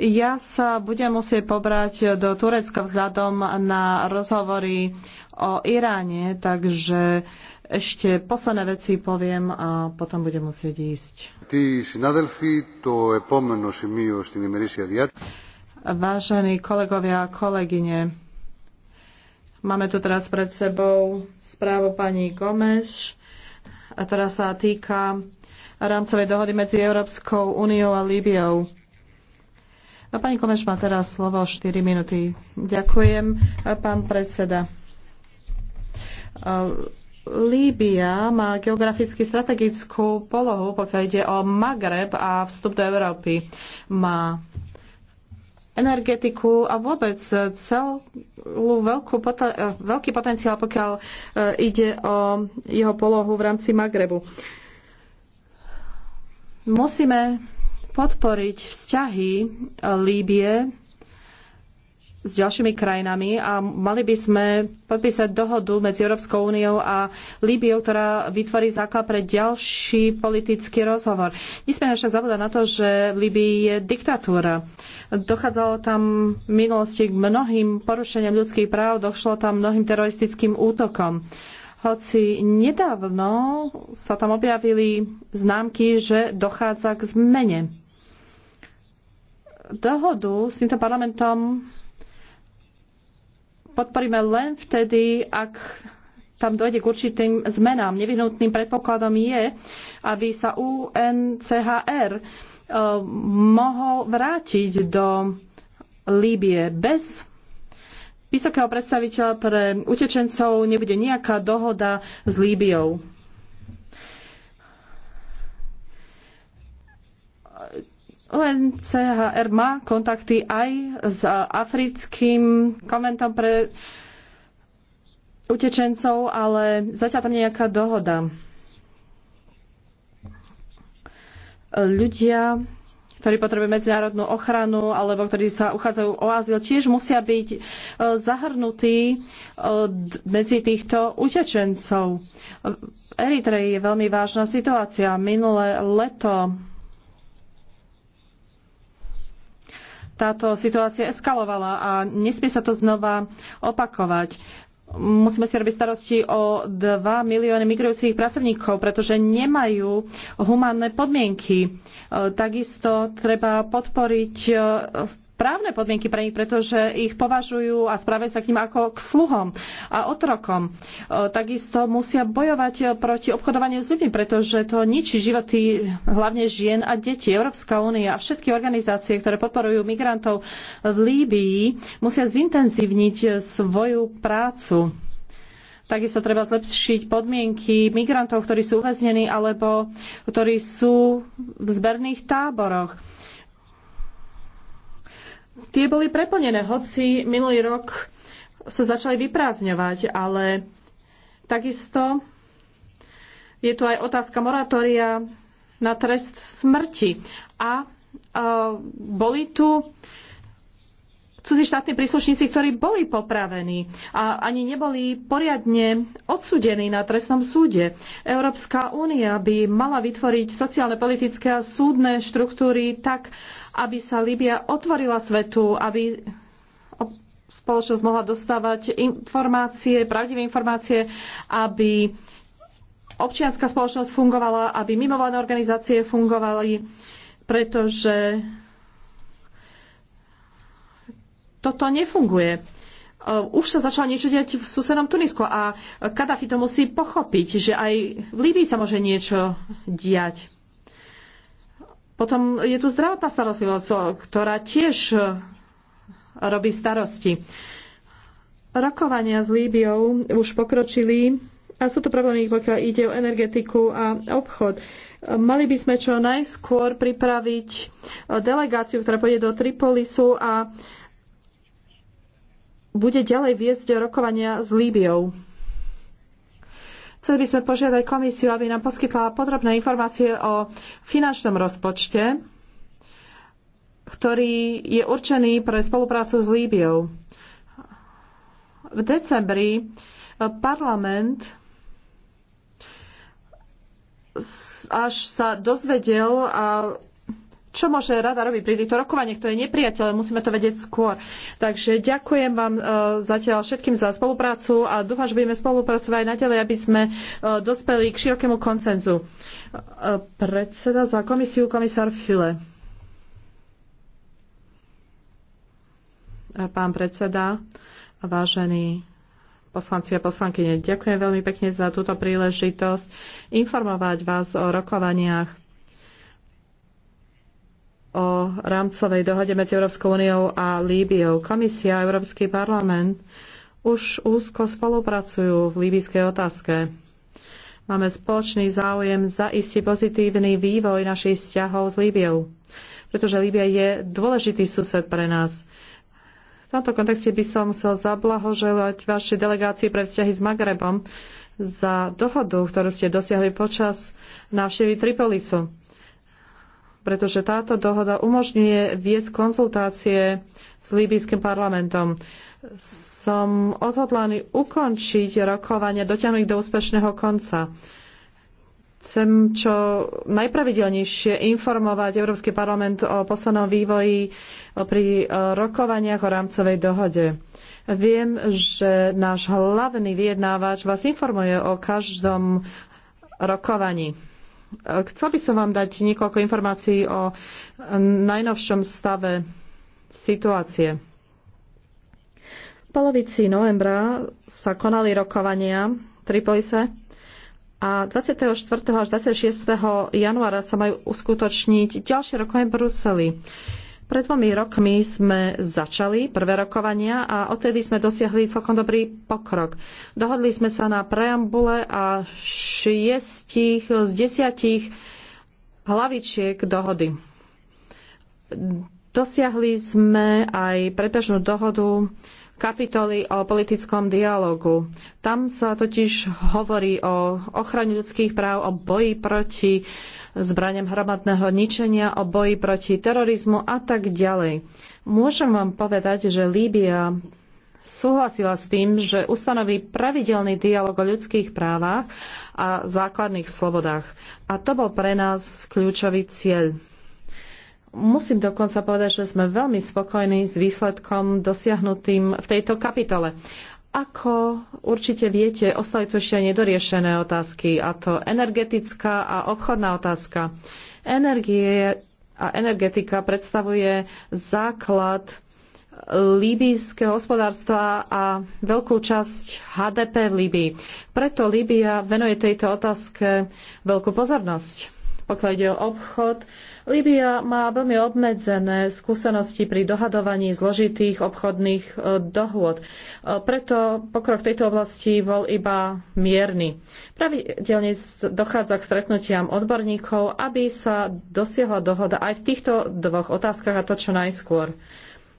Ja sa budem musieť pobrať do Turecka vzhľadom na rozhovory o Iráne, takže ešte posledné veci poviem a potom budem musieť ísť. Vážení kolegovia a kolegyne, máme tu teraz pred sebou správu pani Gomes, ktorá sa týka rámcovej dohody medzi Európskou úniou a Líbiou. Pani Komeš má teraz slovo 4 minúty. Ďakujem, pán predseda. Líbia má geograficky strategickú polohu, pokiaľ ide o Magreb a vstup do Európy. Má energetiku a vôbec celú veľkú, veľký potenciál, pokiaľ eh, ide o jeho polohu v rámci Magrebu. Musíme podporiť vzťahy e, Líbie s ďalšími krajinami a mali by sme podpísať dohodu medzi Európskou úniou a Líbiou, ktorá vytvorí základ pre ďalší politický rozhovor. Nesmieme však zabúdať na to, že v Líbii je diktatúra. Dochádzalo tam v minulosti k mnohým porušeniam ľudských práv, došlo tam mnohým teroristickým útokom. Hoci nedávno sa tam objavili známky, že dochádza k zmene dohodu s týmto parlamentom podporíme len vtedy, ak tam dojde k určitým zmenám. Nevyhnutným predpokladom je, aby sa UNCHR eh, mohol vrátiť do Líbie. Bez vysokého predstaviteľa pre utečencov nebude nejaká dohoda s Líbiou. UNCHR má kontakty aj s africkým konventom pre utečencov, ale zatiaľ tam nejaká dohoda. Ľudia, ktorí potrebujú medzinárodnú ochranu alebo ktorí sa uchádzajú o azyl, tiež musia byť e, zahrnutí e, medzi týchto utečencov. V e, Eritreji je veľmi vážna situácia. Minulé leto táto situácia eskalovala a nesmie sa to znova opakovať. Musíme si robiť starosti o 2 milióny migrujúcich pracovníkov, pretože nemajú humánne podmienky. E, takisto treba podporiť e, správne podmienky pre nich, pretože ich považujú a správajú sa k ním ako k sluhom a otrokom. E, takisto musia bojovať proti obchodovaniu s ľuďmi, pretože to ničí životy hlavne žien a detí. Európska únia a všetky organizácie, ktoré podporujú migrantov v Líbii, musia zintenzívniť svoju prácu. Takisto treba zlepšiť podmienky migrantov, ktorí sú uväznení alebo ktorí sú v zberných táboroch tie boli preplnené, hoci minulý rok sa začali vyprázdňovať, ale takisto je tu aj otázka moratória na trest smrti. A e, boli tu cudzí štátni príslušníci, ktorí boli popravení a ani neboli poriadne odsudení na trestnom súde. Európska únia by mala vytvoriť sociálne, politické a súdne štruktúry tak, aby sa Líbia otvorila svetu, aby spoločnosť mohla dostávať informácie, pravdivé informácie, aby občianská spoločnosť fungovala, aby mimovládne organizácie fungovali, pretože toto nefunguje. E, už sa začalo niečo diať v susednom Tunisku a Kadafi to musí pochopiť, že aj v Líbii sa môže niečo diať. Potom je tu zdravotná starostlivosť, ktorá tiež e, robí starosti. Rokovania s Líbiou už pokročili a sú to problémy, pokiaľ ide o energetiku a obchod. Mali by sme čo najskôr pripraviť delegáciu, ktorá pôjde do Tripolisu a bude ďalej viesť rokovania s Líbiou. Chceli by sme požiadať komisiu, aby nám poskytla podrobné informácie o finančnom rozpočte, ktorý je určený pre spoluprácu s Líbiou. V decembri parlament až sa dozvedel a čo môže rada robiť pri týchto rokovaniach, to je nepriateľ, musíme to vedieť skôr. Takže ďakujem vám e, zatiaľ všetkým za spoluprácu a dúfam, že budeme spolupracovať aj naďalej, aby sme e, dospeli k širokému konsenzu. E, predseda za komisiu, komisár File. Pán predseda, vážení poslanci a poslankyne, ďakujem veľmi pekne za túto príležitosť informovať vás o rokovaniach o rámcovej dohode medzi Európskou úniou a Líbiou. Komisia a Európsky parlament už úzko spolupracujú v Líbyjskej otázke. Máme spoločný záujem istý pozitívny vývoj našich vzťahov s Líbiou, pretože Líbia je dôležitý sused pre nás. V tomto kontexte by som chcel zablahoželať vašej delegácii pre vzťahy s Magrebom za dohodu, ktorú ste dosiahli počas návštevy Tripolisu pretože táto dohoda umožňuje viesť konzultácie s líbyským parlamentom. Som odhodlaný ukončiť rokovanie dotiahnuť do úspešného konca. Chcem čo najpravidelnejšie informovať Európsky parlament o poslednom vývoji pri e, rokovaniach o rámcovej dohode. Viem, že náš hlavný vyjednávač vás informuje o každom rokovaní. Chcel by som vám dať niekoľko informácií o najnovšom stave situácie. V polovici novembra sa konali rokovania v Tripolise a 24. až 26. januára sa majú uskutočniť ďalšie rokovanie v Bruseli. Pred dvomi rokmi sme začali prvé rokovania a odtedy sme dosiahli celkom dobrý pokrok. Dohodli sme sa na preambule a šiestich z desiatich hlavičiek dohody. Dosiahli sme aj predbežnú dohodu kapitoly o politickom dialogu. Tam sa totiž hovorí o ochrane ľudských práv, o boji proti zbraniam hromadného ničenia, o boji proti terorizmu a tak ďalej. Môžem vám povedať, že Líbia súhlasila s tým, že ustanoví pravidelný dialog o ľudských právach a základných slobodách. A to bol pre nás kľúčový cieľ. Musím dokonca povedať, že sme veľmi spokojní s výsledkom dosiahnutým v tejto kapitole. Ako určite viete, ostali tu ešte nedoriešené otázky, a to energetická a obchodná otázka. Energie a energetika predstavuje základ líbyjského hospodárstva a veľkú časť HDP v Líbii. Preto Líbia venuje tejto otázke veľkú pozornosť. Pokiaľ ide o obchod, Líbia má veľmi obmedzené skúsenosti pri dohadovaní zložitých obchodných e, dohôd. E, preto pokrok v tejto oblasti bol iba mierny. Pravidelne dochádza k stretnutiam odborníkov, aby sa dosiahla dohoda aj v týchto dvoch otázkach a to čo najskôr.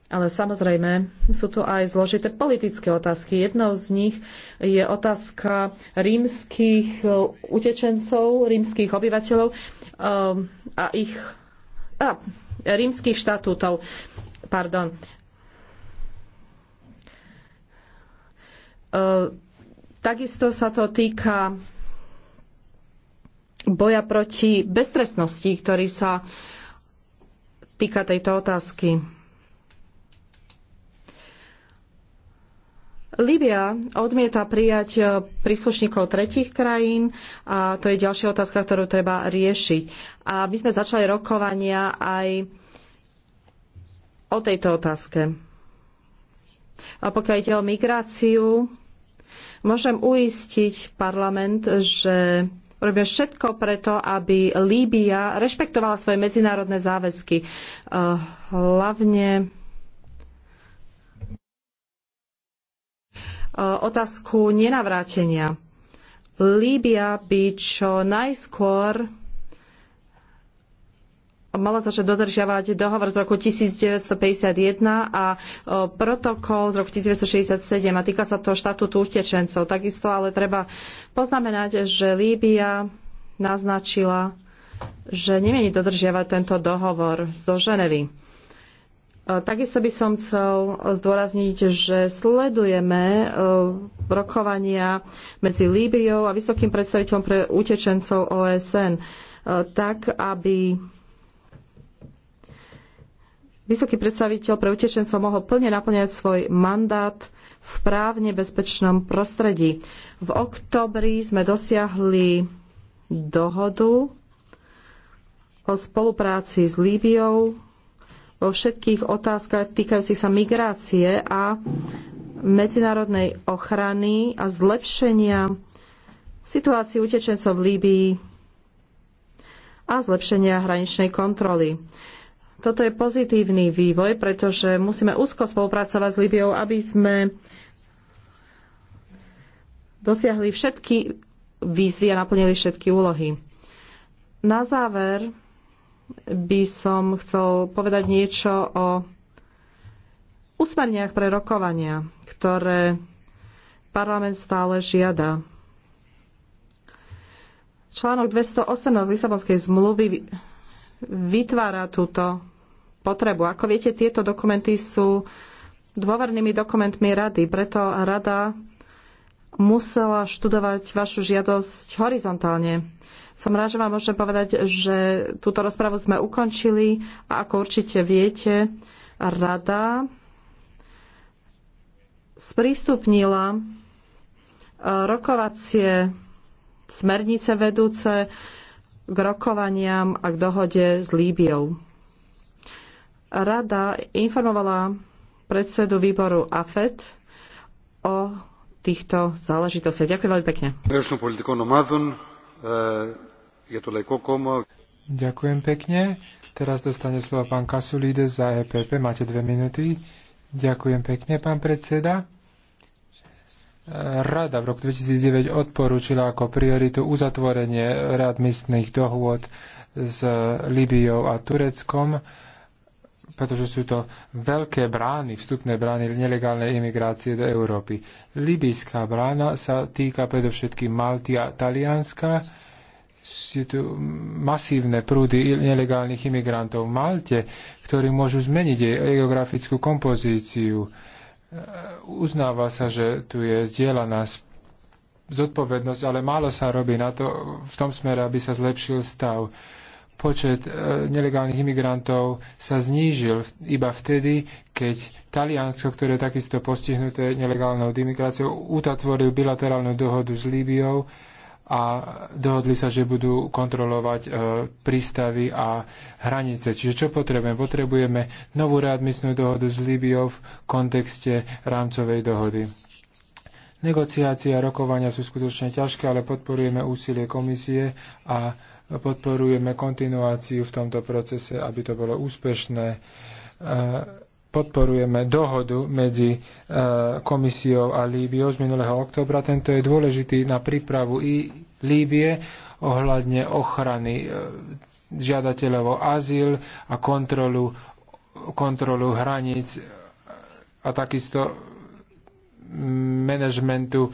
Ale samozrejme sú tu aj zložité politické otázky. Jednou z nich je otázka rímskych e, utečencov, rímskych obyvateľov, Ehm, a ich a, rímskych štatútov. Pardon. Ehm, takisto sa to týka boja proti beztrestnosti, ktorý sa týka tejto otázky. Líbia odmieta prijať e, príslušníkov tretich krajín a to je ďalšia otázka, ktorú treba riešiť. A my sme začali rokovania aj o tejto otázke. A pokiaľ ide o migráciu, môžem uistiť parlament, že robíme všetko preto, aby Líbia rešpektovala svoje medzinárodné záväzky. E, hlavne otázku nenavrátenia. Líbia by čo najskôr mala začať dodržiavať dohovor z roku 1951 a protokol z roku 1967 a týka sa to štatútu utečencov. Takisto ale treba poznamenať, že Líbia naznačila, že nemieni dodržiavať tento dohovor zo Ženevy. E, takisto by som chcel zdôrazniť, že sledujeme e, rokovania medzi Líbiou a vysokým predstaviteľom pre utečencov OSN, e, tak aby vysoký predstaviteľ pre utečencov mohol plne naplňať svoj mandát v právne bezpečnom prostredí. V oktobri sme dosiahli dohodu o spolupráci s Líbiou vo všetkých otázkach týkajúcich sa migrácie a medzinárodnej ochrany a zlepšenia situácii utečencov v Líbii a zlepšenia hraničnej kontroly. Toto je pozitívny vývoj, pretože musíme úzko spolupracovať s Líbiou, aby sme dosiahli všetky výzvy a naplnili všetky úlohy. Na záver by som chcel povedať niečo o usmerniach pre rokovania, ktoré parlament stále žiada. Článok 218 Lisabonskej zmluvy vytvára túto potrebu. Ako viete, tieto dokumenty sú dôvernými dokumentmi rady, preto rada musela študovať vašu žiadosť horizontálne. Som rád, že vám môžem povedať, že túto rozpravu sme ukončili a ako určite viete, rada sprístupnila e, rokovacie smernice vedúce k rokovaniam a k dohode s Líbiou. Rada informovala predsedu výboru AFET o týchto záležitostiach. Ďakujem veľmi pekne. E, je to Lekokom. Ďakujem pekne. Teraz dostane slovo pán Kasulides za EPP. Máte dve minúty. Ďakujem pekne, pán predseda. E, Rada v roku 2009 odporúčila ako prioritu uzatvorenie readmisných dohôd s Libiou a Tureckom pretože sú to veľké brány, vstupné brány nelegálnej imigrácie do Európy. Libijská brána sa týka predovšetkým Malty a Talianska. Sú tu masívne prúdy nelegálnych imigrantov v Malte, ktorí môžu zmeniť jej geografickú kompozíciu. Uznáva sa, že tu je zdieľaná zodpovednosť, ale málo sa robí na to v tom smere, aby sa zlepšil stav počet e, nelegálnych imigrantov sa znížil iba vtedy, keď Taliansko, ktoré je takisto postihnuté nelegálnou imigráciou, utatvoril bilaterálnu dohodu s Líbiou a dohodli sa, že budú kontrolovať e, prístavy a hranice. Čiže čo potrebujeme? Potrebujeme novú readmisnú dohodu s Líbiou v kontexte rámcovej dohody. Negociácie a rokovania sú skutočne ťažké, ale podporujeme úsilie komisie a podporujeme kontinuáciu v tomto procese, aby to bolo úspešné. Podporujeme dohodu medzi e, komisiou a Líbiou z minulého oktobra. Tento je dôležitý na prípravu i Líbie ohľadne ochrany e, žiadateľov o azyl a kontrolu, kontrolu hraníc a takisto manažmentu e,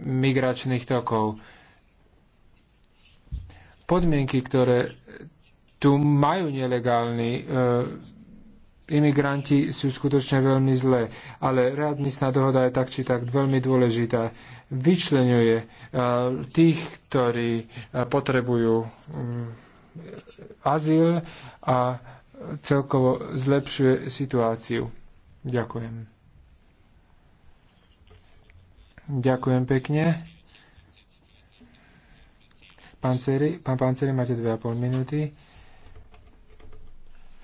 migračných tokov podmienky, ktoré tu majú nelegálni e, imigranti, sú skutočne veľmi zlé. Ale readmisná dohoda je tak či tak veľmi dôležitá. Vyčlenuje e, tých, ktorí e, potrebujú e, azyl a celkovo zlepšuje situáciu. Ďakujem. Ďakujem pekne. Panceri, pán Panceri, máte 2,5 minúty.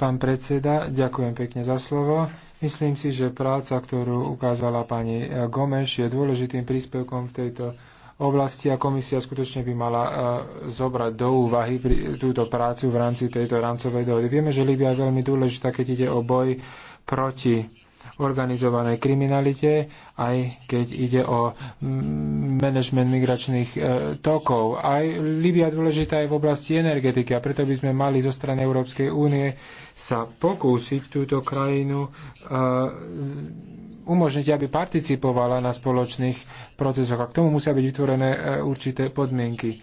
Pán predseda, ďakujem pekne za slovo. Myslím si, že práca, ktorú ukázala pani Gomeš, je dôležitým príspevkom v tejto oblasti a komisia skutočne by mala e, zobrať do úvahy túto prácu v rámci tejto rámcovej dohody. Vieme, že Libia je veľmi dôležitá, keď ide o boj proti organizovanej kriminalite, aj keď ide o manažment migračných e, tokov. Aj Libia dôležitá je v oblasti energetiky a preto by sme mali zo strany Európskej únie sa pokúsiť túto krajinu e, umožniť, aby participovala na spoločných procesoch. A k tomu musia byť vytvorené e, určité podmienky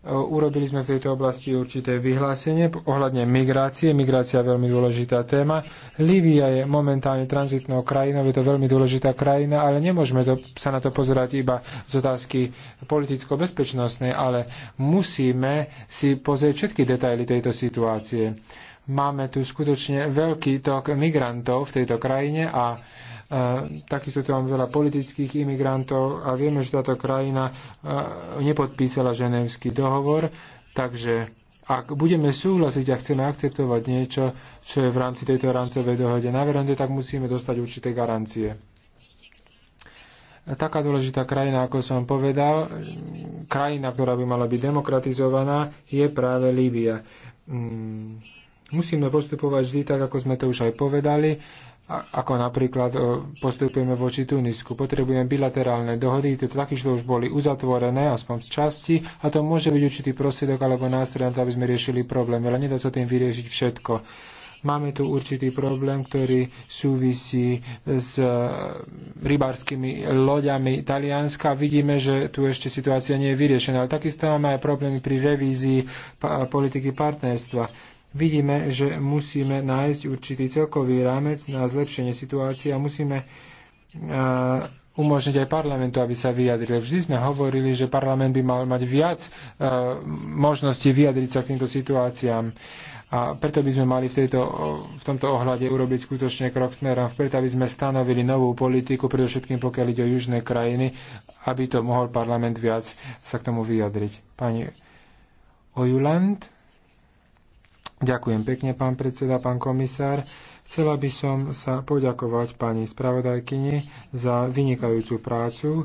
E, urobili sme v tejto oblasti určité vyhlásenie ohľadne migrácie. Migrácia je veľmi dôležitá téma. Lívia je momentálne tranzitnou krajinou, je to veľmi dôležitá krajina, ale nemôžeme to, sa na to pozerať iba z otázky politicko-bezpečnostnej, ale musíme si pozrieť všetky detaily tejto situácie. Máme tu skutočne veľký tok migrantov v tejto krajine a Takisto tu máme veľa politických imigrantov a vieme, že táto krajina nepodpísala ženevský dohovor, takže ak budeme súhlasiť a chceme akceptovať niečo, čo je v rámci tejto rámcovej dohode na verande, tak musíme dostať určité garancie. Taká dôležitá krajina, ako som povedal, krajina, ktorá by mala byť demokratizovaná, je práve Líbia. Mm, musíme postupovať vždy tak, ako sme to už aj povedali ako napríklad e, postupujeme voči Tunisku. Potrebujeme bilaterálne dohody, tieto takisto už boli uzatvorené, aspoň z časti, a to môže byť určitý prostriedok alebo nástroj na to, aby sme riešili problémy, ale nedá sa tým vyriešiť všetko. Máme tu určitý problém, ktorý súvisí s e, rybárskymi loďami Talianska. Vidíme, že tu ešte situácia nie je vyriešená, ale takisto máme aj problémy pri revízii politiky partnerstva vidíme, že musíme nájsť určitý celkový rámec na zlepšenie situácie a musíme e, umožniť aj parlamentu, aby sa vyjadril. Vždy sme hovorili, že parlament by mal mať viac e, možností vyjadriť sa k týmto situáciám. A preto by sme mali v, tejto, v tomto ohľade urobiť skutočne krok smerom vpred, aby sme stanovili novú politiku, predovšetkým pokiaľ ide o južné krajiny, aby to mohol parlament viac sa k tomu vyjadriť. Pani Ojuland? Ďakujem pekne, pán predseda, pán komisár. Chcela by som sa poďakovať pani spravodajkyni za vynikajúcu prácu, e,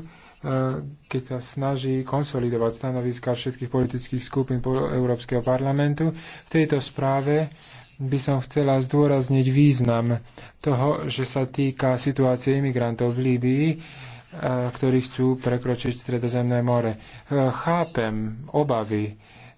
keď sa snaží konsolidovať stanoviska všetkých politických skupín Európskeho parlamentu. V tejto správe by som chcela zdôrazniť význam toho, že sa týka situácie imigrantov v Líbii, e, ktorí chcú prekročiť Stredozemné more. E, chápem obavy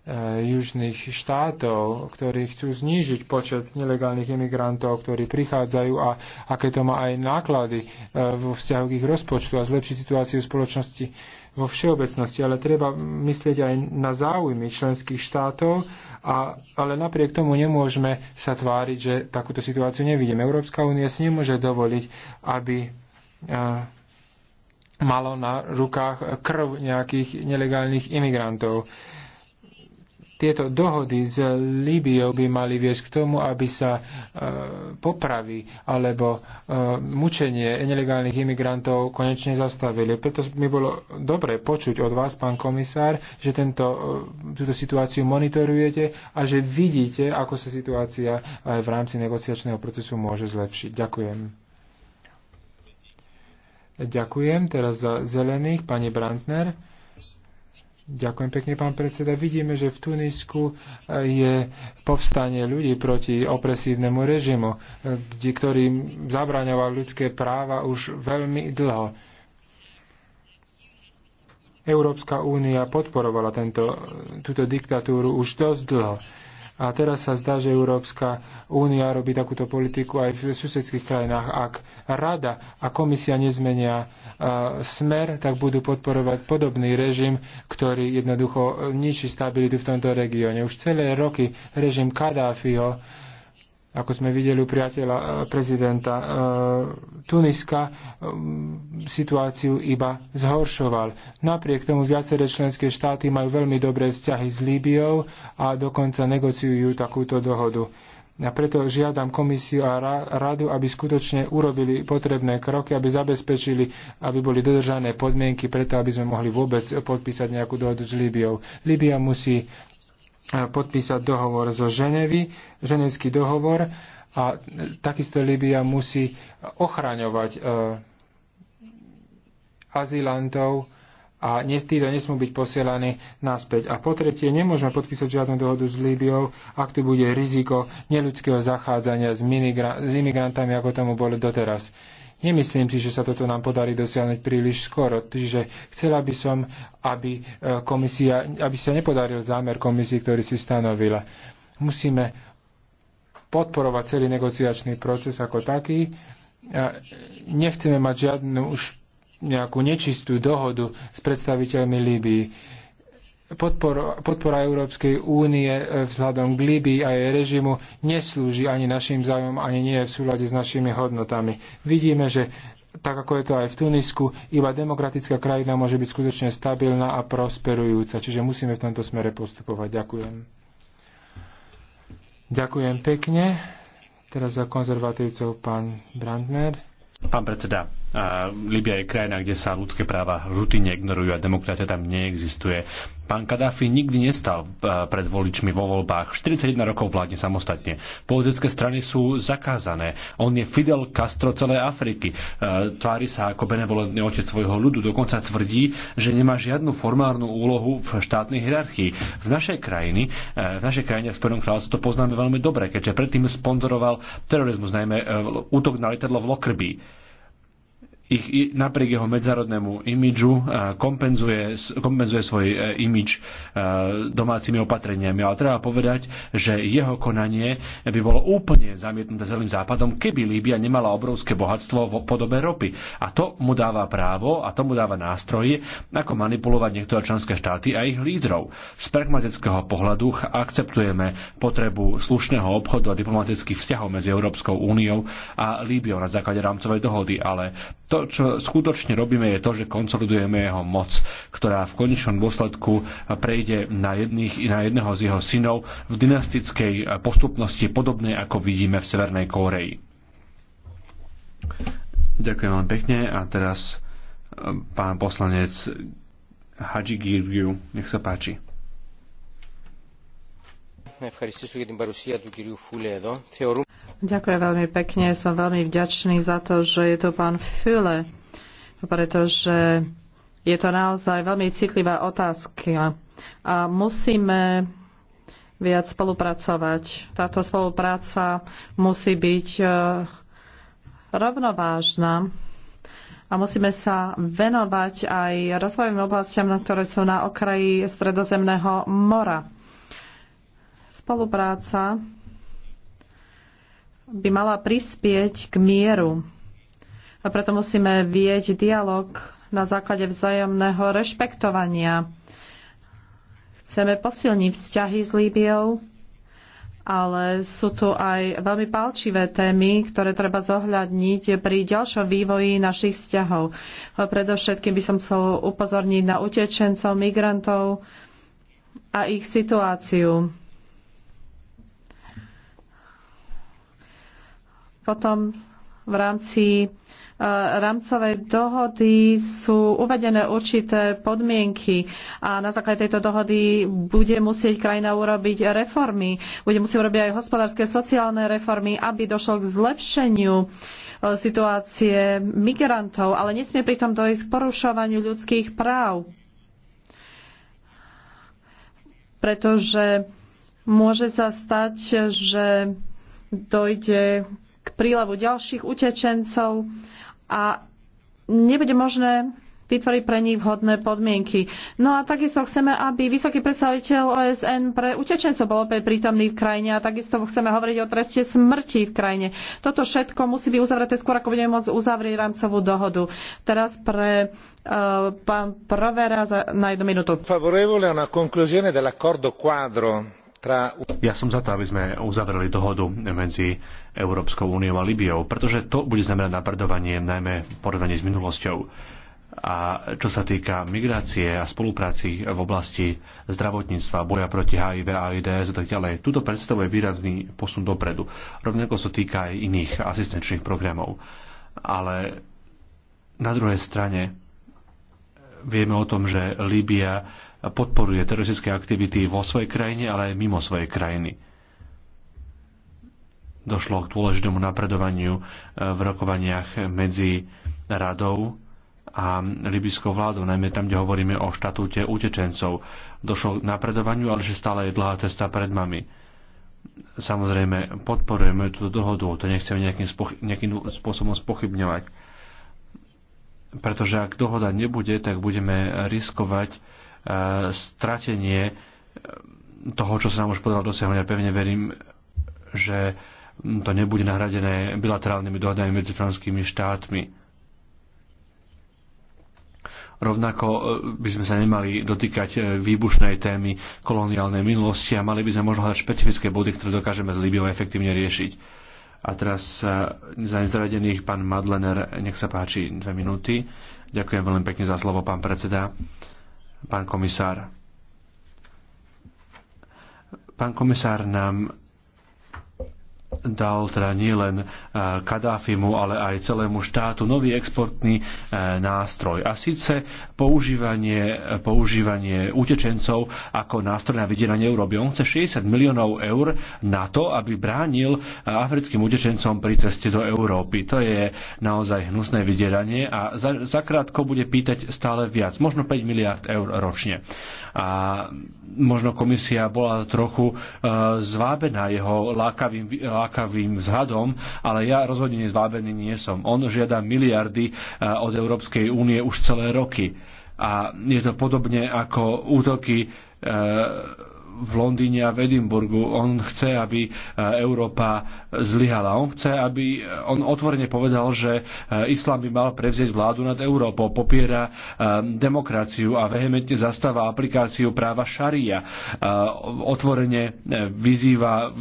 Eh, južných štátov, ktorí chcú znížiť počet nelegálnych imigrantov, ktorí prichádzajú a aké to má aj náklady eh, vo vzťahu k ich rozpočtu a zlepšiť situáciu spoločnosti vo všeobecnosti, ale treba myslieť aj na záujmy členských štátov, a, ale napriek tomu nemôžeme sa tváriť, že takúto situáciu nevidíme. Európska únia si nemôže dovoliť, aby eh, malo na rukách krv nejakých nelegálnych imigrantov. Tieto dohody s Líbiou by mali viesť k tomu, aby sa e, popravy alebo e, mučenie nelegálnych imigrantov konečne zastavili. Preto mi bolo dobre počuť od vás, pán komisár, že tento, e, túto situáciu monitorujete a že vidíte, ako sa situácia aj e, v rámci negociačného procesu môže zlepšiť. Ďakujem. Ďakujem teraz za zelených, pani Brantner. Ďakujem pekne, pán predseda. Vidíme, že v Tunisku eh, je povstanie ľudí proti opresívnemu režimu, eh, ktorý zabraňoval ľudské práva už veľmi dlho. Európska únia podporovala tento, eh, túto diktatúru už dosť dlho. A teraz sa zdá, že Európska únia robí takúto politiku aj v susedských krajinách. Ak rada a komisia nezmenia e, smer, tak budú podporovať podobný režim, ktorý jednoducho ničí stabilitu v tomto regióne. Už celé roky režim Kadáfiho ako sme videli u priateľa e, prezidenta e, Tuniska, e, situáciu iba zhoršoval. Napriek tomu viaceré členské štáty majú veľmi dobré vzťahy s Líbiou a dokonca negociujú takúto dohodu. A preto žiadam komisiu a radu, aby skutočne urobili potrebné kroky, aby zabezpečili, aby boli dodržané podmienky preto, aby sme mohli vôbec podpísať nejakú dohodu s Líbiou. Líbia musí podpísať dohovor zo Ženevy, ženevský dohovor a takisto Libia musí ochraňovať e, azylantov a títo nesmú byť posielaní naspäť. A po tretie, nemôžeme podpísať žiadnu dohodu s Líbiou, ak tu bude riziko neľudského zachádzania s, s imigrantami, ako tomu bolo doteraz. Nemyslím si, že sa toto nám podarí dosiahnuť príliš skoro. Čiže chcela by som, aby, e, komisia, aby sa nepodaril zámer komisie, ktorý si stanovila. Musíme podporovať celý negociačný proces ako taký. E, nechceme mať žiadnu už nejakú nečistú dohodu s predstaviteľmi Líbii podpor, podpora Európskej únie eh, vzhľadom k Líbii a jej režimu neslúži ani našim zájmom, ani nie je v súlade s našimi hodnotami. Vidíme, že tak ako je to aj v Tunisku, iba demokratická krajina môže byť skutočne stabilná a prosperujúca. Čiže musíme v tomto smere postupovať. Ďakujem. Ďakujem pekne. Teraz za konzervatívcov pán Brandner. Pán predseda, a Libia je krajina, kde sa ľudské práva rutine ignorujú a demokracia tam neexistuje. Pán Kadáfi nikdy nestal e, pred voličmi vo voľbách. 41 rokov vládne samostatne. Politické strany sú zakázané. On je Fidel Castro celej Afriky. E, tvári sa ako benevolentný otec svojho ľudu. Dokonca tvrdí, že nemá žiadnu formálnu úlohu v štátnej hierarchii. V našej krajine, v našej krajine v Spojenom kráľovstve to poznáme veľmi dobre, keďže predtým sponzoroval terorizmus, najmä e, útok na lietadlo v Lockerbie ich, napriek jeho medzárodnému imidžu e, kompenzuje, kompenzuje svoj e, imidž e, domácimi opatreniami. Ale treba povedať, že jeho konanie by bolo úplne zamietnuté celým západom, keby Líbia nemala obrovské bohatstvo v podobe ropy. A to mu dáva právo a to mu dáva nástroje, ako manipulovať niektoré členské štáty a ich lídrov. Z pragmatického pohľadu akceptujeme potrebu slušného obchodu a diplomatických vzťahov medzi Európskou úniou a Líbiou na základe rámcovej dohody, ale to to, čo skutočne robíme, je to, že konsolidujeme jeho moc, ktorá v konečnom dôsledku prejde na, jedných, na jedného z jeho synov v dynastickej postupnosti, podobnej ako vidíme v Severnej Kóreji. Ďakujem vám pekne a teraz e, pán poslanec Haji Girgiu, nech sa páči. Ευχαριστήσω για την παρουσία του κυρίου Φούλε εδώ. Θεωρούμε Ďakujem veľmi pekne. Som veľmi vďačný za to, že je to pán Füle, pretože je to naozaj veľmi citlivá otázka a musíme viac spolupracovať. Táto spolupráca musí byť e, rovnovážna a musíme sa venovať aj rozvojovým oblastiam, ktoré sú na okraji Stredozemného mora. Spolupráca by mala prispieť k mieru. A preto musíme vieť dialog na základe vzájomného rešpektovania. Chceme posilniť vzťahy s Líbiou, ale sú tu aj veľmi palčivé témy, ktoré treba zohľadniť pri ďalšom vývoji našich vzťahov. Predovšetkým by som chcel upozorniť na utečencov, migrantov a ich situáciu. Potom v rámci e, rámcovej dohody sú uvedené určité podmienky a na základe tejto dohody bude musieť krajina urobiť reformy. Bude musieť urobiť aj hospodárske, sociálne reformy, aby došlo k zlepšeniu e, situácie migrantov, ale nesmie pritom dojsť k porušovaniu ľudských práv, pretože môže sa stať, že dojde k prílevu ďalších utečencov a nebude možné vytvoriť pre nich vhodné podmienky. No a takisto chceme, aby vysoký predstaviteľ OSN pre utečencov bol opäť prítomný v krajine a takisto chceme hovoriť o treste smrti v krajine. Toto všetko musí byť uzavreté skôr, ako budeme môcť uzavrieť rámcovú dohodu. Teraz pre uh, pán Provera za, na jednu minútu. Favorevole a na conclusione dell'accordo quadro ja som za to, aby sme uzavreli dohodu medzi Európskou úniou a Libiou, pretože to bude znamenať napredovanie najmä v porovnaní s minulosťou. A čo sa týka migrácie a spolupráci v oblasti zdravotníctva, boja proti HIV a AIDS a tak ďalej, tuto predstavuje výrazný posun dopredu. Rovnako sa so týka aj iných asistenčných programov. Ale na druhej strane vieme o tom, že Líbia podporuje teroristické aktivity vo svojej krajine, ale aj mimo svojej krajiny. Došlo k dôležitému napredovaniu e, v rokovaniach medzi radou a libyskou vládou, najmä tam, kde hovoríme o štatúte utečencov. Došlo k napredovaniu, ale že stále je dlhá cesta pred nami. Samozrejme, podporujeme túto dohodu, to nechceme nejakým, spoch- nejakým spôsobom spochybňovať. Pretože ak dohoda nebude, tak budeme riskovať Eh, stratenie eh, toho, čo sa nám už podalo dosiahnuť. Ja pevne verím, že to nebude nahradené bilaterálnymi dohodami medzi členskými štátmi. Rovnako eh, by sme sa nemali dotýkať výbušnej témy koloniálnej minulosti a mali by sme možno hľadať špecifické body, ktoré dokážeme s Líbiou efektívne riešiť. A teraz za nezradených pán Madlener, nech sa páči dve minúty. Ďakujem veľmi pekne za slovo, pán predseda pán komisár. Pán komisár nám dal teda nielen e, Kadáfimu, ale aj celému štátu nový exportný e, nástroj. A síce používanie, používanie utečencov ako nástroj na vydieranie Európy. On chce 60 miliónov eur na to, aby bránil e, africkým utečencom pri ceste do Európy. To je naozaj hnusné vydieranie a za, zakrátko bude pýtať stále viac, možno 5 miliard eur ročne. A možno komisia bola trochu zvábená jeho lákavým lákavým vzhľadom, ale ja rozhodne zvábený nie som. On žiada miliardy eh, od Európskej únie už celé roky. A je to podobne ako útoky eh, v Londýne a v Edimburgu. On chce, aby e, Európa zlyhala. On chce, aby e, on otvorene povedal, že e, islám by mal prevzieť vládu nad Európou, popiera demokraciu a vehementne zastáva aplikáciu práva šaria. Otvorene vyzýva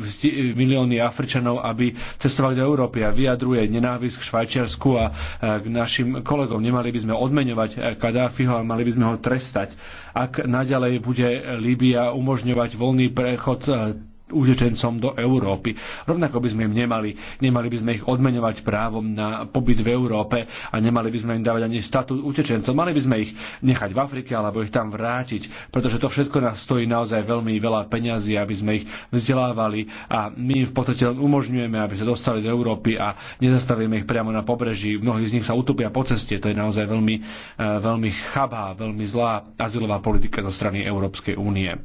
milióny Afričanov, aby cestovali do Európy a vyjadruje nenávisť k Švajčiarsku a k našim kolegom. Nemali by sme odmeňovať Kadáfiho, ale mali by sme ho trestať ak naďalej bude Líbia umožňovať voľný prechod eh, utečencom do Európy. Rovnako by sme im nemali, nemali by sme ich odmeňovať právom na pobyt v Európe a nemali by sme im dávať ani statút utečencov. Mali by sme ich nechať v Afrike alebo ich tam vrátiť, pretože to všetko nás stojí naozaj veľmi veľa peňazí, aby sme ich vzdelávali a my im v podstate len umožňujeme, aby sa dostali do Európy a nezastavíme ich priamo na pobreží. Mnohí z nich sa utopia po ceste. To je naozaj veľmi, eh, veľmi chabá, veľmi zlá azylová politika zo strany Európskej únie.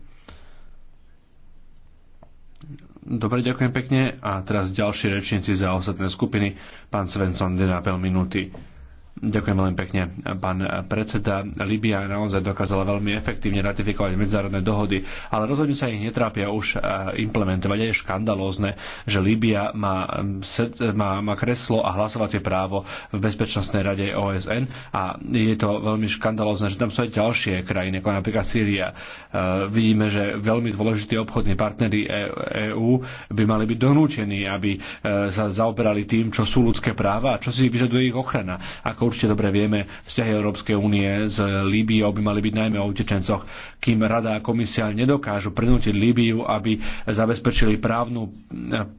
Dobre, ďakujem pekne. A teraz ďalší rečníci za ostatné skupiny. Pán Svensson, 1,5 minúty. Ďakujem veľmi pekne, pán predseda. Libia naozaj dokázala veľmi efektívne ratifikovať medzinárodné dohody, ale rozhodne sa ich netrápia už eh, implementovať. je škandalózne, že Libia má, mm, eh, má, má kreslo a hlasovacie právo v Bezpečnostnej rade OSN a je to veľmi škandalózne, že tam sú aj ďalšie krajiny, ako napríklad Sýria. Eh, vidíme, že veľmi dôležití obchodní partnery EÚ e by mali byť donútení, aby sa zaoberali tým, čo sú ľudské práva a čo si vyžaduje ich ochrana. Ako určite dobre vieme, vzťahy Európskej únie s Líbiou by mali byť najmä o utečencoch, kým Rada a komisia nedokážu prinútiť Líbiu, aby zabezpečili právnu e,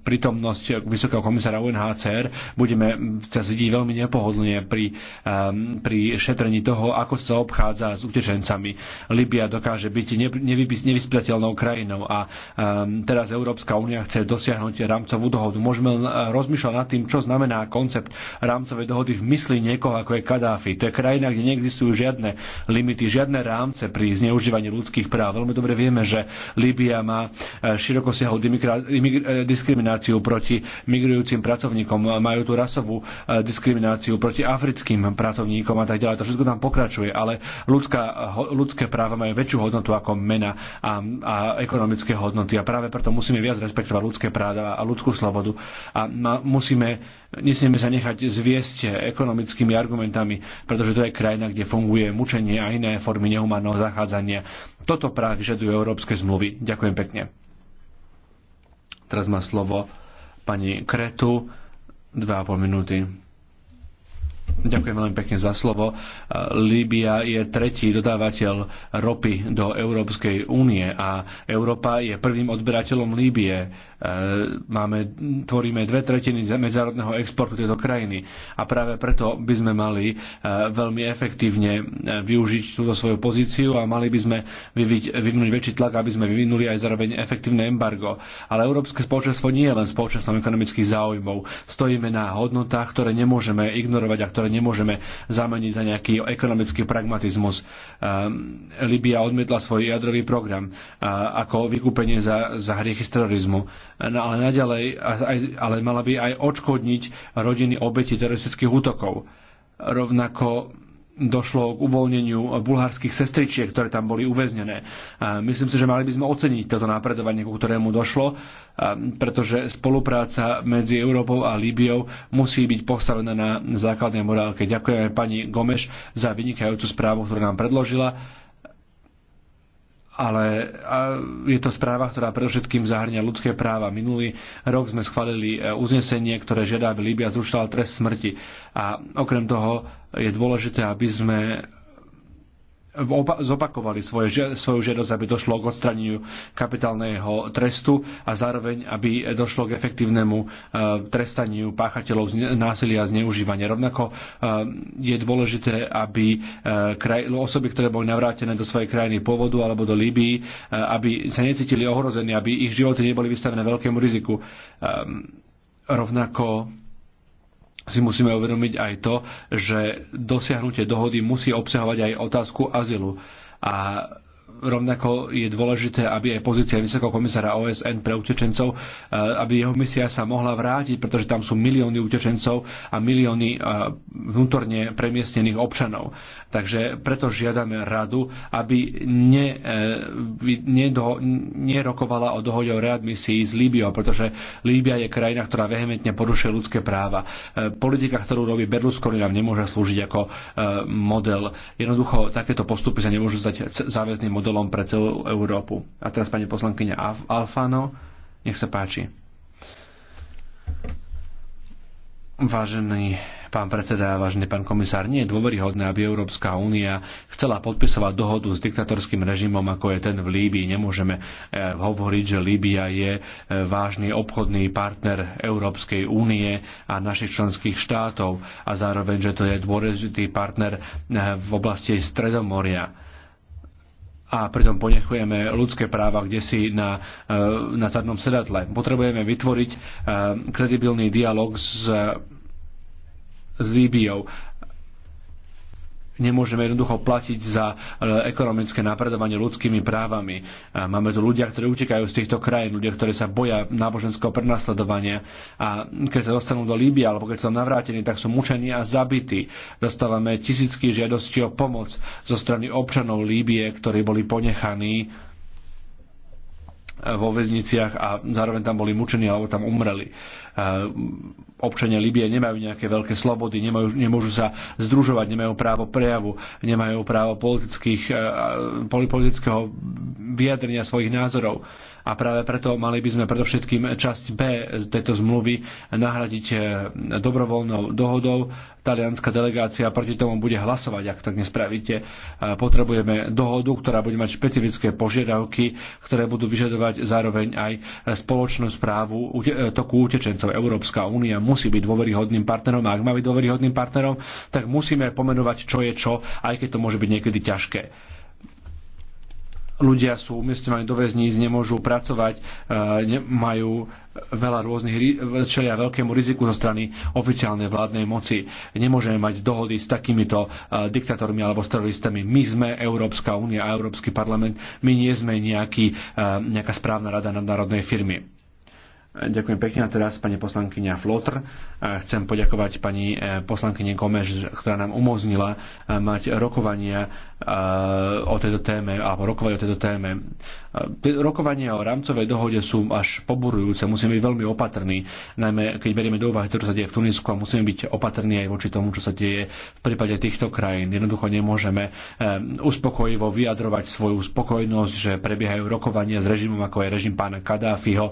prítomnosť Vysokého komisára UNHCR, budeme sa zidiť veľmi nepohodlne pri, e, pri šetrení toho, ako sa obchádza s utečencami. Líbia dokáže byť nevyspytateľnou krajinou a e, teraz Európska únia chce dosiahnuť rámcovú dohodu. Môžeme rozmýšľať nad tým, čo znamená koncept rámcovej dohody v mysli niekoho, režimov, ako je Kadáfi. To je krajina, kde neexistujú žiadne limity, žiadne rámce pri zneužívaní ľudských práv. Veľmi dobre vieme, že Líbia má e, široko siahol e, diskrimináciu proti migrujúcim pracovníkom, majú tu rasovú e, diskrimináciu proti africkým pracovníkom a tak ďalej. To všetko tam pokračuje, ale ľudská, ľudské práva majú väčšiu hodnotu ako mena a, a ekonomické hodnoty. A práve preto musíme viac respektovať ľudské práva a ľudskú slobodu. A musíme Nesmieme sa nechať zviesť ekonomickými argumentami, pretože to je krajina, kde funguje mučenie a iné formy nehumánneho zachádzania. Toto práve vyžadujú európske zmluvy. Ďakujem pekne. Teraz má slovo pani Kretu. 2,5 minúty. Ďakujem veľmi pekne za slovo. Líbia je tretí dodávateľ ropy do Európskej únie a Európa je prvým odberateľom Líbie E, máme, tvoríme dve tretiny medzárodného exportu tejto krajiny a práve preto by sme mali e, veľmi efektívne e, využiť túto svoju pozíciu a mali by sme vyviť, vyvinúť väčší tlak, aby sme vyvinuli aj zároveň efektívne embargo. Ale Európske spoločenstvo nie je len spoločenstvom ekonomických záujmov. Stojíme na hodnotách, ktoré nemôžeme ignorovať a ktoré nemôžeme zameniť za nejaký ekonomický pragmatizmus. Libia odmietla svoj jadrový program ako vykúpenie za, za hriechy z terorizmu no ale naďalej, ale mala by aj odškodniť rodiny obeti teroristických útokov. Rovnako došlo k uvoľneniu bulharských sestričiek, ktoré tam boli uväznené. Myslím si, že mali by sme oceniť toto napredovanie, ku ktorému došlo, pretože spolupráca medzi Európou a Líbiou musí byť postavená na základnej morálke. Ďakujeme pani Gomeš za vynikajúcu správu, ktorú nám predložila ale je to správa, ktorá predovšetkým zahrňa ľudské práva. Minulý rok sme schválili e, uznesenie, ktoré žiada, aby Líbia zrušila trest smrti. A okrem toho je dôležité, aby sme zopakovali svoje, svoju žiadosť, aby došlo k odstraneniu kapitálneho trestu a zároveň, aby došlo k efektívnemu e, trestaniu páchateľov z násilia a zneužívania. Rovnako e, je dôležité, aby e, kraj, osoby, ktoré boli navrátené do svojej krajiny pôvodu alebo do Líbii, aby sa necítili ohrození, aby ich životy neboli vystavené veľkému riziku. Rovnako si musíme uvedomiť aj to, že dosiahnutie dohody musí obsahovať aj otázku azylu. A rovnako je dôležité, aby aj pozícia vysokého komisára OSN pre utečencov, e, aby jeho misia sa mohla vrátiť, pretože tam sú milióny utečencov a milióny e, vnútorne premiestnených občanov. Takže preto žiadame radu, aby ne, e, do, nerokovala o dohode o readmisii s Líbiou, pretože Líbia je krajina, ktorá vehementne porušuje ľudské práva. Politika, ktorú robí Berlusconi, nám nemôže slúžiť ako model. Jednoducho, takéto postupy sa nemôžu stať záväzným modelom modelom pre celú Európu. A teraz pani poslankyňa Alfano, nech sa páči. Vážený pán predseda, vážený pán komisár, nie je dôveryhodné, aby Európska únia chcela podpisovať dohodu s diktatorským režimom, ako je ten v Líbii. Nemôžeme eh, hovoriť, že Líbia je eh, vážny obchodný partner Európskej únie a našich členských štátov a zároveň, že to je dôležitý partner eh, v oblasti Stredomoria a pritom ponechujeme ľudské práva kde si na, eh, na zadnom sedadle. Potrebujeme vytvoriť eh, kredibilný dialog s s Líbiou nemôžeme jednoducho platiť za e, ekonomické napredovanie ľudskými právami. E, máme tu ľudia, ktorí utekajú z týchto krajín, ľudia, ktorí sa boja náboženského prenasledovania a keď sa dostanú do Líbia alebo keď sa tam navrátení, tak sú mučení a zabití. Dostávame tisícky žiadosti o pomoc zo strany občanov Líbie, ktorí boli ponechaní e, vo väzniciach a zároveň tam boli mučení alebo tam umreli občania Libie nemajú nejaké veľké slobody, nemajú, nemôžu sa združovať, nemajú právo prejavu, nemajú právo politického vyjadrenia svojich názorov a práve preto mali by sme predovšetkým časť B tejto zmluvy nahradiť eh, dobrovoľnou dohodou. Talianská delegácia proti tomu bude hlasovať, ak tak nespravíte. Potrebujeme dohodu, ktorá bude mať špecifické požiadavky, ktoré budú vyžadovať zároveň aj spoločnú správu toku utečencov. Európska únia musí byť dôveryhodným partnerom a ak má byť dôveryhodným partnerom, tak musíme pomenovať, čo je čo, aj keď to môže byť niekedy ťažké ľudia sú umiestňovaní do väzníc, nemôžu pracovať, e, majú veľa rôznych, čelia veľkému riziku zo strany oficiálnej vládnej moci. Nemôžeme mať dohody s takýmito e, diktátormi alebo s teroristami. My sme Európska únia a Európsky parlament, my nie sme nejaký, e, nejaká správna rada nadnárodnej firmy. Ďakujem pekne a teraz pani poslankyňa Flotr. Chcem poďakovať pani e, poslankyne Gomeš, ktorá nám umožnila e, mať rokovania e, o tejto téme, alebo rokovať o tejto téme. Rokovania o rámcovej dohode sú až poburujúce, musíme byť veľmi opatrní, najmä keď berieme do úvahy to, čo sa deje v Tunisku a musíme byť opatrní aj voči tomu, čo sa deje v prípade týchto krajín. Jednoducho nemôžeme uspokojivo vyjadrovať svoju spokojnosť, že prebiehajú rokovania s režimom, ako je režim pána Kadáfiho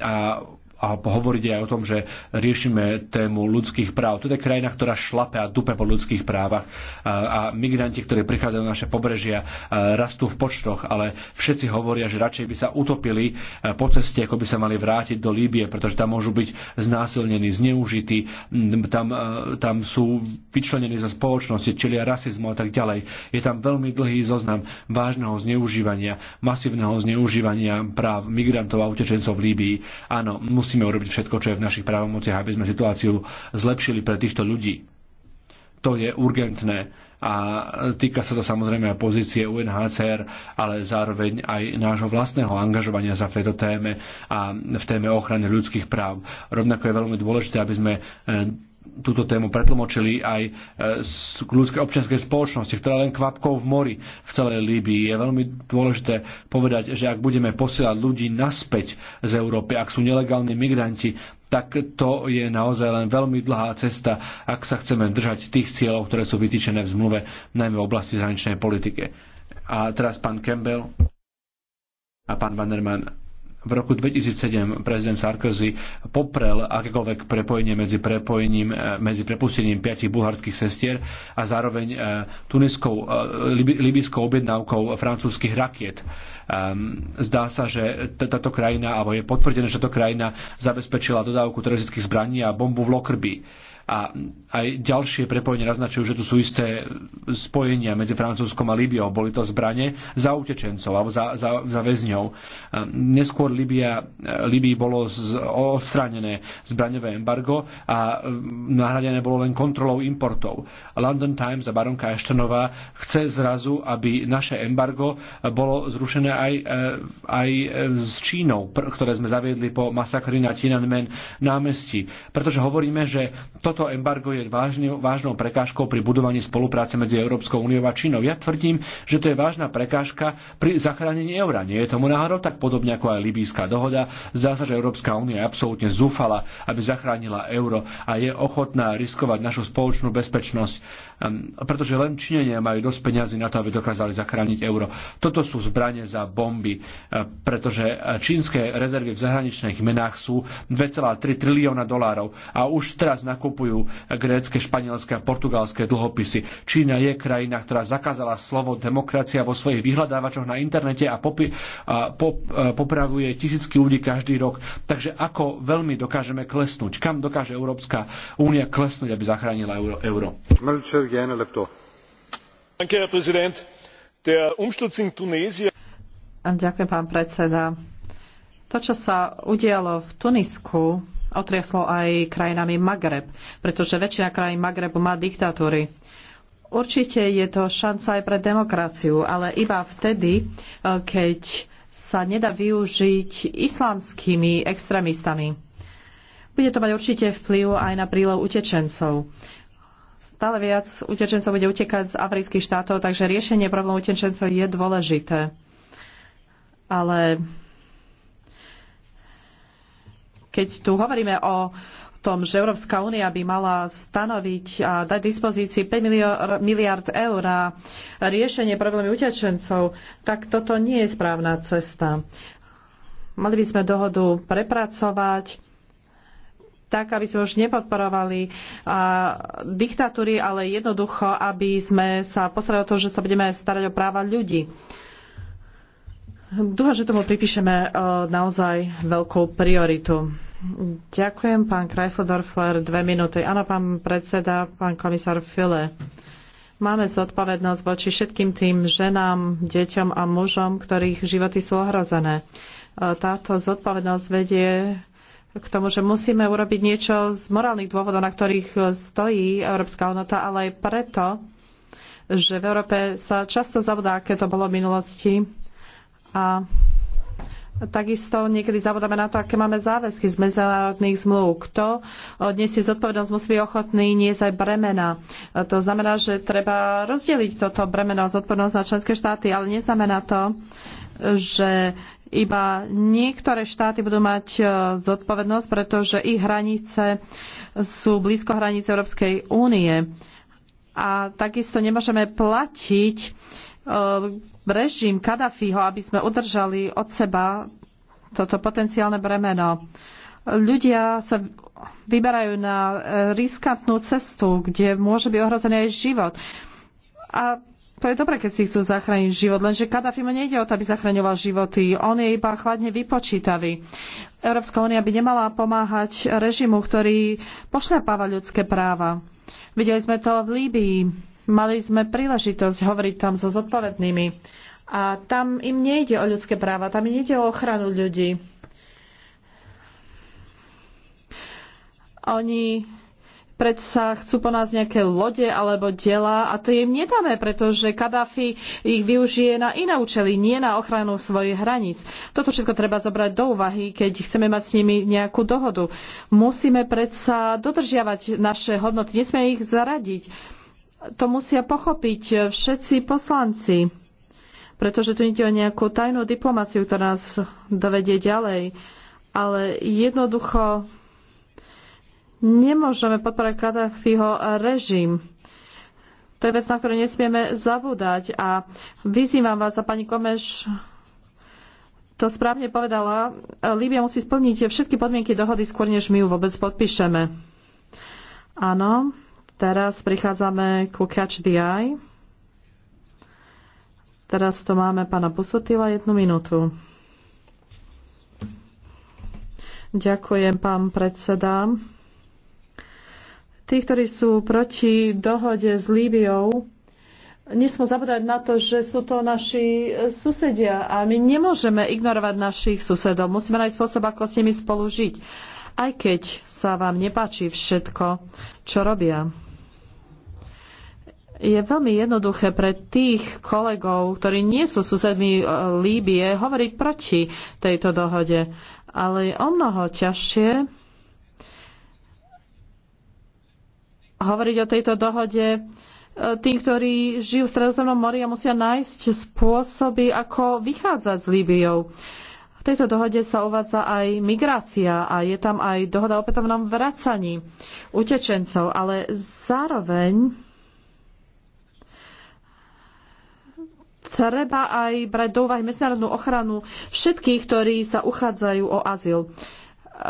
a a hovoriť aj o tom, že riešime tému ľudských práv. To je krajina, ktorá šlape a dupe po ľudských právach a, a migranti, ktorí prichádzajú na naše pobrežia, rastú v počtoch, ale všetci hovoria, že radšej by sa utopili po ceste, ako by sa mali vrátiť do Líbie, pretože tam môžu byť znásilnení, zneužití, tam, tam sú vyčlenení zo spoločnosti, čelia rasizmu a tak ďalej. Je tam veľmi dlhý zoznam vážneho zneužívania, masívneho zneužívania práv migrantov a utečencov v Líbii. Áno, musí musíme urobiť všetko, čo je v našich právomociach, aby sme situáciu zlepšili pre týchto ľudí. To je urgentné a týka sa to samozrejme aj pozície UNHCR, ale zároveň aj nášho vlastného angažovania sa v tejto téme a v téme ochrany ľudských práv. Rovnako je veľmi dôležité, aby sme eh, túto tému pretlmočili aj k e, ľudskej občianskej spoločnosti, ktorá len kvapkou v mori v celej Líbii. Je veľmi dôležité povedať, že ak budeme posielať ľudí naspäť z Európy, ak sú nelegálni migranti, tak to je naozaj len veľmi dlhá cesta, ak sa chceme držať tých cieľov, ktoré sú vytýčené v zmluve, najmä v oblasti zahraničnej politike. A teraz pán Campbell a pán Bannerman v roku 2007 prezident Sarkozy poprel akékoľvek prepojenie medzi, prepojením, e, medzi prepustením piatich bulharských sestier a zároveň e, tuniskou, e, libyskou objednávkou francúzskych rakiet. Zdá sa, že táto krajina, alebo je potvrdené, že táto krajina zabezpečila dodávku teroristických zbraní a bombu v Lokrby a aj ďalšie prepojenia naznačujú, že tu sú isté spojenia medzi Francúzskom a Líbiou. Boli to zbranie za utečencov alebo za, za, za väzňov. Neskôr Líbia, Líbii bolo z, odstránené zbraňové embargo a mm, nahradené bolo len kontrolou importov. London Times a baronka Eštonová chce zrazu, aby naše embargo bolo zrušené aj, e, aj e, s Čínou, ktoré sme zaviedli po masakri na Tiananmen námestí. Pretože hovoríme, že to toto embargo je vážne, vážnou prekážkou pri budovaní spolupráce medzi Európskou úniou a Čínou. Ja tvrdím, že to je vážna prekážka pri zachránení eura. Nie je tomu náhodou tak podobne ako aj libýska dohoda. Zdá sa, že Európska únia je absolútne zúfala, aby zachránila euro a je ochotná riskovať našu spoločnú bezpečnosť Ehm, pretože len Číňania majú dosť peňazí na to, aby dokázali zachrániť euro. Toto sú zbranie za bomby, ehm, pretože eh, čínske rezervy v zahraničných menách sú 2,3 trilióna dolárov a už teraz nakupujú eh, grécke, španielské a portugalské dlhopisy. Čína je krajina, ktorá zakázala slovo demokracia vo svojich vyhľadávačoch na internete a, popi- a pop- eh, popravuje tisícky ľudí každý rok. Takže ako veľmi dokážeme klesnúť? Kam dokáže Európska únia klesnúť, aby zachránila euro? euro? herr präsident! der umsturz in tunesien Ďakujem, pán predseda. To, čo sa udialo v Tunisku, otriaslo aj krajinami Magreb, pretože väčšina krajín Magrebu má diktatúry. Určite je to šanca aj pre demokraciu, ale iba vtedy, e, keď sa nedá využiť islamskými extrémistami. Bude to mať určite vplyv aj na prílev utečencov. Stále viac utečencov bude utekať z afrických štátov, takže riešenie problému utečencov je dôležité. Ale keď tu hovoríme o tom, že Európska únia by mala stanoviť a dať dispozícii 5 miliard eur na riešenie problémy utečencov, tak toto nie je správna cesta. Mali by sme dohodu prepracovať, tak, aby sme už nepodporovali diktatúry, ale jednoducho, aby sme sa postarali o to, že sa budeme starať o práva ľudí. Dúfam, že tomu pripíšeme naozaj veľkú prioritu. Ďakujem, pán Kreisler-Dorfler, dve minúty. Áno, pán predseda, pán komisár File máme zodpovednosť voči všetkým tým ženám, deťom a mužom, ktorých životy sú ohrozené. E, táto zodpovednosť vedie k tomu, že musíme urobiť niečo z morálnych dôvodov, na ktorých e, stojí Európska hodnota, ale aj preto, že v Európe sa často zabudá, aké to bolo v minulosti. A takisto niekedy zabudáme na to, aké máme záväzky z medzinárodných zmluv. Kto odniesie e, zodpovednosť, musí byť ochotný niesť aj bremena. E, to znamená, že treba rozdeliť toto bremeno a zodpovednosť na členské štáty, ale neznamená to, že iba niektoré štáty budú mať e, zodpovednosť, pretože ich hranice sú blízko hranice Európskej únie. A takisto nemôžeme platiť e, režim Kadafiho, aby sme udržali od seba toto potenciálne bremeno. Ľudia sa vyberajú na riskantnú cestu, kde môže byť ohrozený aj život. A to je dobré, keď si chcú zachrániť život, lenže Kadafi mu nejde o to, aby zachraňoval životy. On je iba chladne vypočítavý. Európska únia by nemala pomáhať režimu, ktorý pošľapáva ľudské práva. Videli sme to v Líbii. Mali sme príležitosť hovoriť tam so zodpovednými. A tam im nejde o ľudské práva, tam im nejde o ochranu ľudí. Oni predsa chcú po nás nejaké lode alebo diela a to im nedáme, pretože Kadáfi ich využije na iné účely, nie na ochranu svojich hraníc. Toto všetko treba zobrať do úvahy, keď chceme mať s nimi nejakú dohodu. Musíme predsa dodržiavať naše hodnoty, nesme ich zaradiť. To musia pochopiť všetci poslanci, pretože tu ide o nejakú tajnú diplomáciu, ktorá nás dovedie ďalej. Ale jednoducho Nemôžeme podporovať Kadáfiho režim. To je vec, na ktorú nesmieme zabúdať. A vyzývam vás, a pani Komeš to správne povedala, Líbia musí splniť všetky podmienky dohody skôr, než my ju vôbec podpíšeme. Áno, teraz prichádzame ku Catch the Eye. Teraz to máme pána Busutila jednu minútu. Ďakujem, pán predseda. Tí, ktorí sú proti dohode s Líbiou, nesmú zabúdať na to, že sú to naši e, susedia a my nemôžeme ignorovať našich susedov. Musíme nájsť spôsob, ako s nimi spolu žiť. Aj keď sa vám nepáči všetko, čo robia je veľmi jednoduché pre tých kolegov, ktorí nie sú susedmi e, Líbie, hovoriť proti tejto dohode. Ale o mnoho ťažšie hovoriť o tejto dohode. E, tí, ktorí žijú v Stredozemnom mori a musia nájsť spôsoby, ako vychádzať s Líbiou. V tejto dohode sa uvádza aj migrácia a je tam aj dohoda o opätovnom vracaní utečencov, ale zároveň treba aj brať do úvahy medzinárodnú ochranu všetkých, ktorí sa uchádzajú o azyl.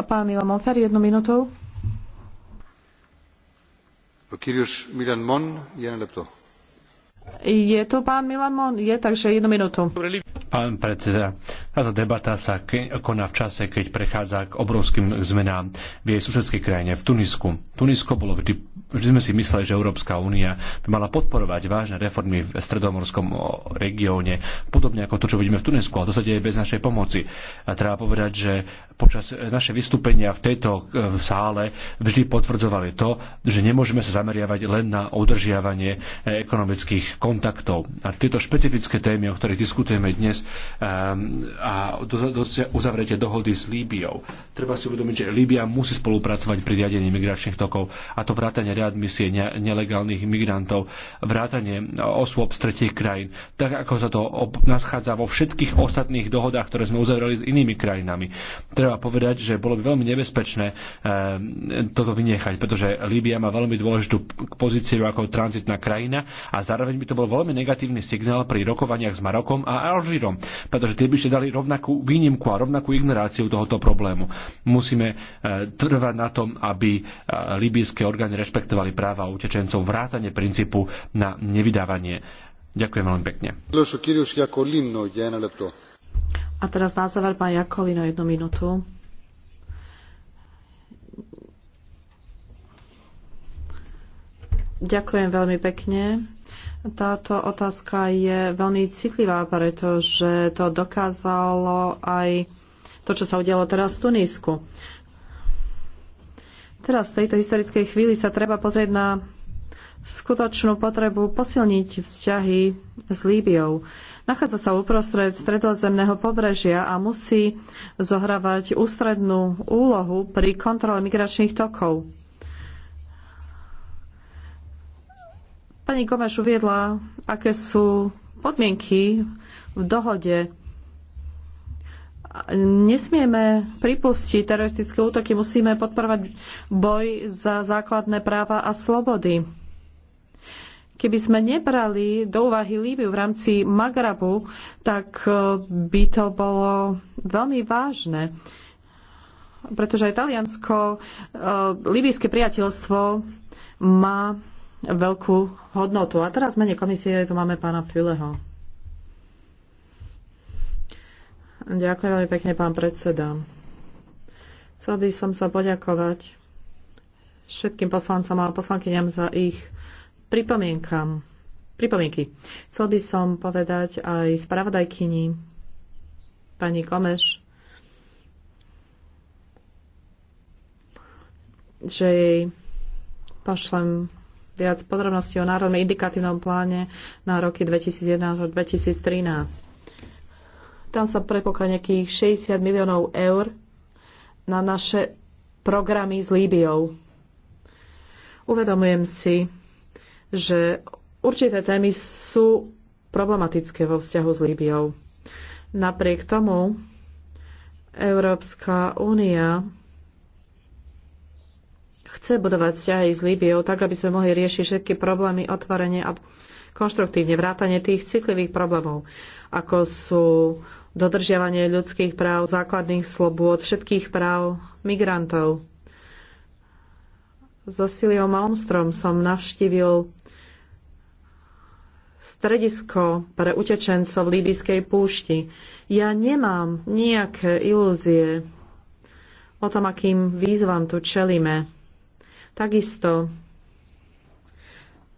Pán Mila Monfer, jednu minútu. O Kyrios Milan Mon, 1 λεπτό. Je to pán Milamon? Je, takže jednu minútu. Pán predseda, táto debata sa koná v čase, keď prechádza k obrovským zmenám v jej susedskej krajine, v Tunisku. Tunisko bolo vždy, vždy sme si mysleli, že Európska únia by mala podporovať vážne reformy v stredomorskom regióne, podobne ako to, čo vidíme v Tunisku, a to sa deje bez našej pomoci. A treba povedať, že počas e, naše vystúpenia v tejto e, sále vždy potvrdzovali to, že nemôžeme sa zameriavať len na udržiavanie e, ekonomických kontaktov. A tieto špecifické témy, o ktorých diskutujeme dnes um, a uzavrete dohody s Líbiou. Treba si uvedomiť, že Líbia musí spolupracovať pri riadení migračných tokov a to vrátanie readmisie ne- nelegálnych migrantov, vrátanie osôb z tretich krajín, tak ako sa to naschádza vo všetkých ostatných dohodách, ktoré sme uzavreli s inými krajinami. Treba povedať, že bolo by veľmi nebezpečné um, toto vynechať, pretože Líbia má veľmi dôležitú pozíciu ako tranzitná krajina a zároveň by by to bol veľmi negatívny signál pri rokovaniach s Marokom a Alžírom, pretože tie by ste dali rovnakú výnimku a rovnakú ignoráciu tohoto problému. Musíme e, trvať na tom, aby e, libijské orgány rešpektovali práva utečencov, vrátane princípu na nevydávanie. Ďakujem veľmi pekne. A teraz na záver pán Jakolino jednu minútu. Ďakujem veľmi pekne. Táto otázka je veľmi citlivá, pretože to dokázalo aj to, čo sa udialo teraz v Tunísku. Teraz v tejto historickej chvíli sa treba pozrieť na skutočnú potrebu posilniť vzťahy s Líbiou. Nachádza sa uprostred stredozemného pobrežia a musí zohrávať ústrednú úlohu pri kontrole migračných tokov. Pani Gomeš uviedla, aké sú podmienky v dohode. Nesmieme pripustiť teroristické útoky, musíme podporovať boj za základné práva a slobody. Keby sme nebrali do úvahy Líbiu v rámci Magrabu, tak eh, by to bolo veľmi vážne pretože aj Taliansko, eh, líbyjské priateľstvo má veľkú hodnotu. A teraz mene komisie tu máme pána Fileho. Ďakujem veľmi pekne, pán predseda. Chcel by som sa poďakovať všetkým poslancom a poslankyňam za ich pripomienkam. Pripomienky. Chcel by som povedať aj spravodajkyni pani Komeš, že jej pošlem viac podrobností o národnom indikatívnom pláne na roky 2011 až 2013. Tam sa predpokladá nejakých 60 miliónov eur na naše programy s Líbiou. Uvedomujem si, že určité témy sú problematické vo vzťahu s Líbiou. Napriek tomu Európska únia chce budovať vzťahy s Líbiou tak, aby sme mohli riešiť všetky problémy otvorene a konštruktívne, vrátanie tých citlivých problémov, ako sú dodržiavanie ľudských práv, základných slobôd, všetkých práv migrantov. So Siliou Malmstrom som navštívil stredisko pre utečencov v líbyskej púšti. Ja nemám nejaké ilúzie o tom, akým výzvam tu čelíme. Takisto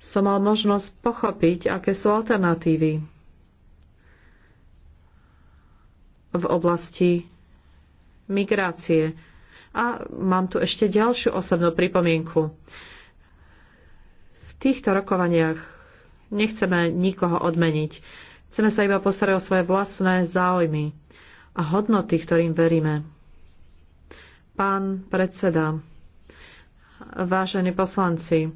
som mal možnosť pochopiť, aké sú alternatívy v oblasti migrácie. A mám tu ešte ďalšiu osobnú pripomienku. V týchto rokovaniach nechceme nikoho odmeniť. Chceme sa iba postarať o svoje vlastné záujmy a hodnoty, ktorým veríme. Pán predseda, vážení poslanci.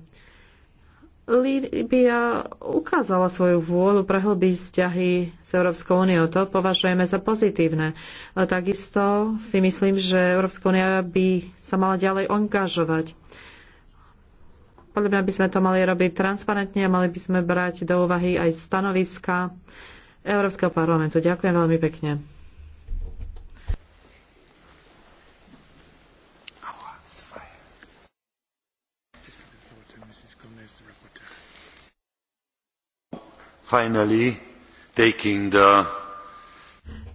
Líbia ukázala svoju vôľu prehlbiť vzťahy s Európskou úniou. To považujeme za pozitívne. Ale takisto si myslím, že Európska únia by sa mala ďalej angažovať. Podľa mňa by sme to mali robiť transparentne a mali by sme brať do úvahy aj stanoviska Európskeho parlamentu. Ďakujem veľmi pekne. finally taking the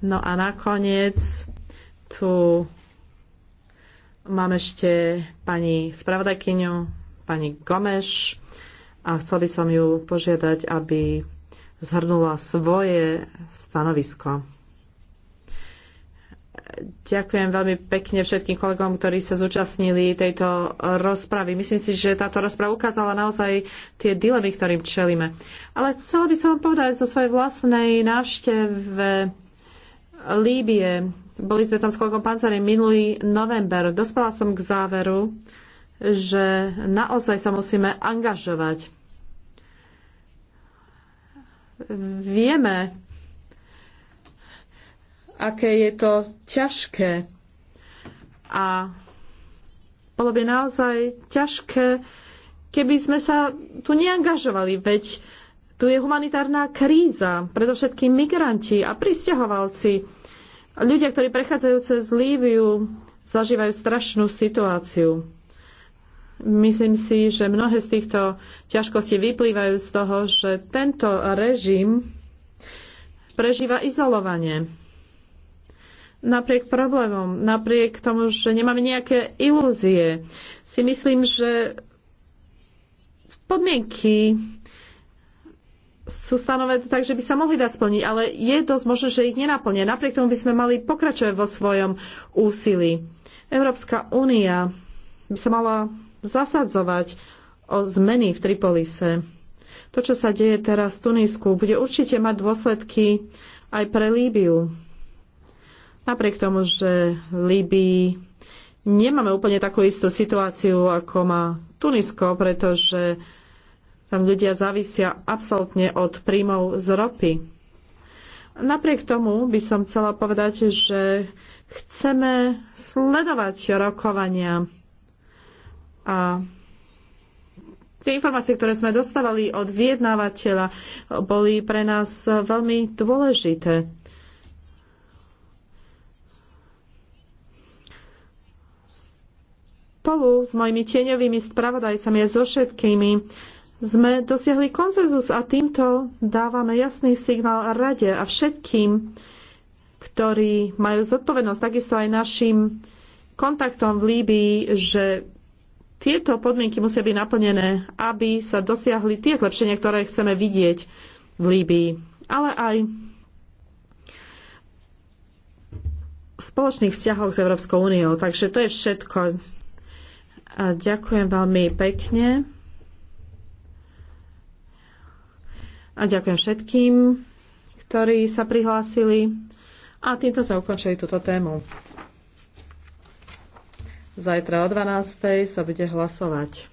No a nakoniec tu mám ešte pani spravodajkyňu, pani Gomeš a chcel by som ju požiadať, aby zhrnula svoje stanovisko. Ďakujem veľmi pekne všetkým kolegom, ktorí sa zúčastnili tejto rozpravy. Myslím si, že táto rozprava ukázala naozaj tie dilemy, ktorým čelíme. Ale chcela by som vám povedať zo svojej vlastnej návšteve Líbie. Boli sme tam s kolegom Pancerim minulý november. Dospela som k záveru, že naozaj sa musíme angažovať. Vieme, aké je to ťažké. A bolo by naozaj ťažké, keby sme sa tu neangažovali, veď tu je humanitárna kríza, predovšetkým migranti a pristahovalci. Ľudia, ktorí prechádzajú cez Líbiu, zažívajú strašnú situáciu. Myslím si, že mnohé z týchto ťažkostí vyplývajú z toho, že tento režim prežíva izolovanie napriek problémom, napriek tomu, že nemáme nejaké ilúzie, si myslím, že podmienky sú stanovené tak, že by sa mohli dať splniť, ale je dosť možné, že ich nenaplnia. Napriek tomu by sme mali pokračovať vo svojom úsilí. Európska únia by sa mala zasadzovať o zmeny v Tripolise. To, čo sa deje teraz v Tunisku, bude určite mať dôsledky aj pre Líbiu Napriek tomu, že Líbii nemáme úplne takú istú situáciu, ako má Tunisko, pretože tam ľudia závisia absolútne od príjmov z ropy. Napriek tomu by som chcela povedať, že chceme sledovať rokovania a Tie informácie, ktoré sme dostávali od vyjednávateľa, boli pre nás veľmi dôležité. spolu s mojimi tieňovými spravodajcami a so všetkými sme dosiahli konsenzus a týmto dávame jasný signál rade a všetkým, ktorí majú zodpovednosť, takisto aj našim kontaktom v Líbii, že tieto podmienky musia byť naplnené, aby sa dosiahli tie zlepšenia, ktoré chceme vidieť v Líbii. Ale aj v spoločných vzťahoch s Európskou úniou. Takže to je všetko. Ďakujem veľmi pekne. A ďakujem všetkým, ktorí sa prihlásili. A týmto sme ukončili túto tému. Zajtra o 12.00 sa bude hlasovať.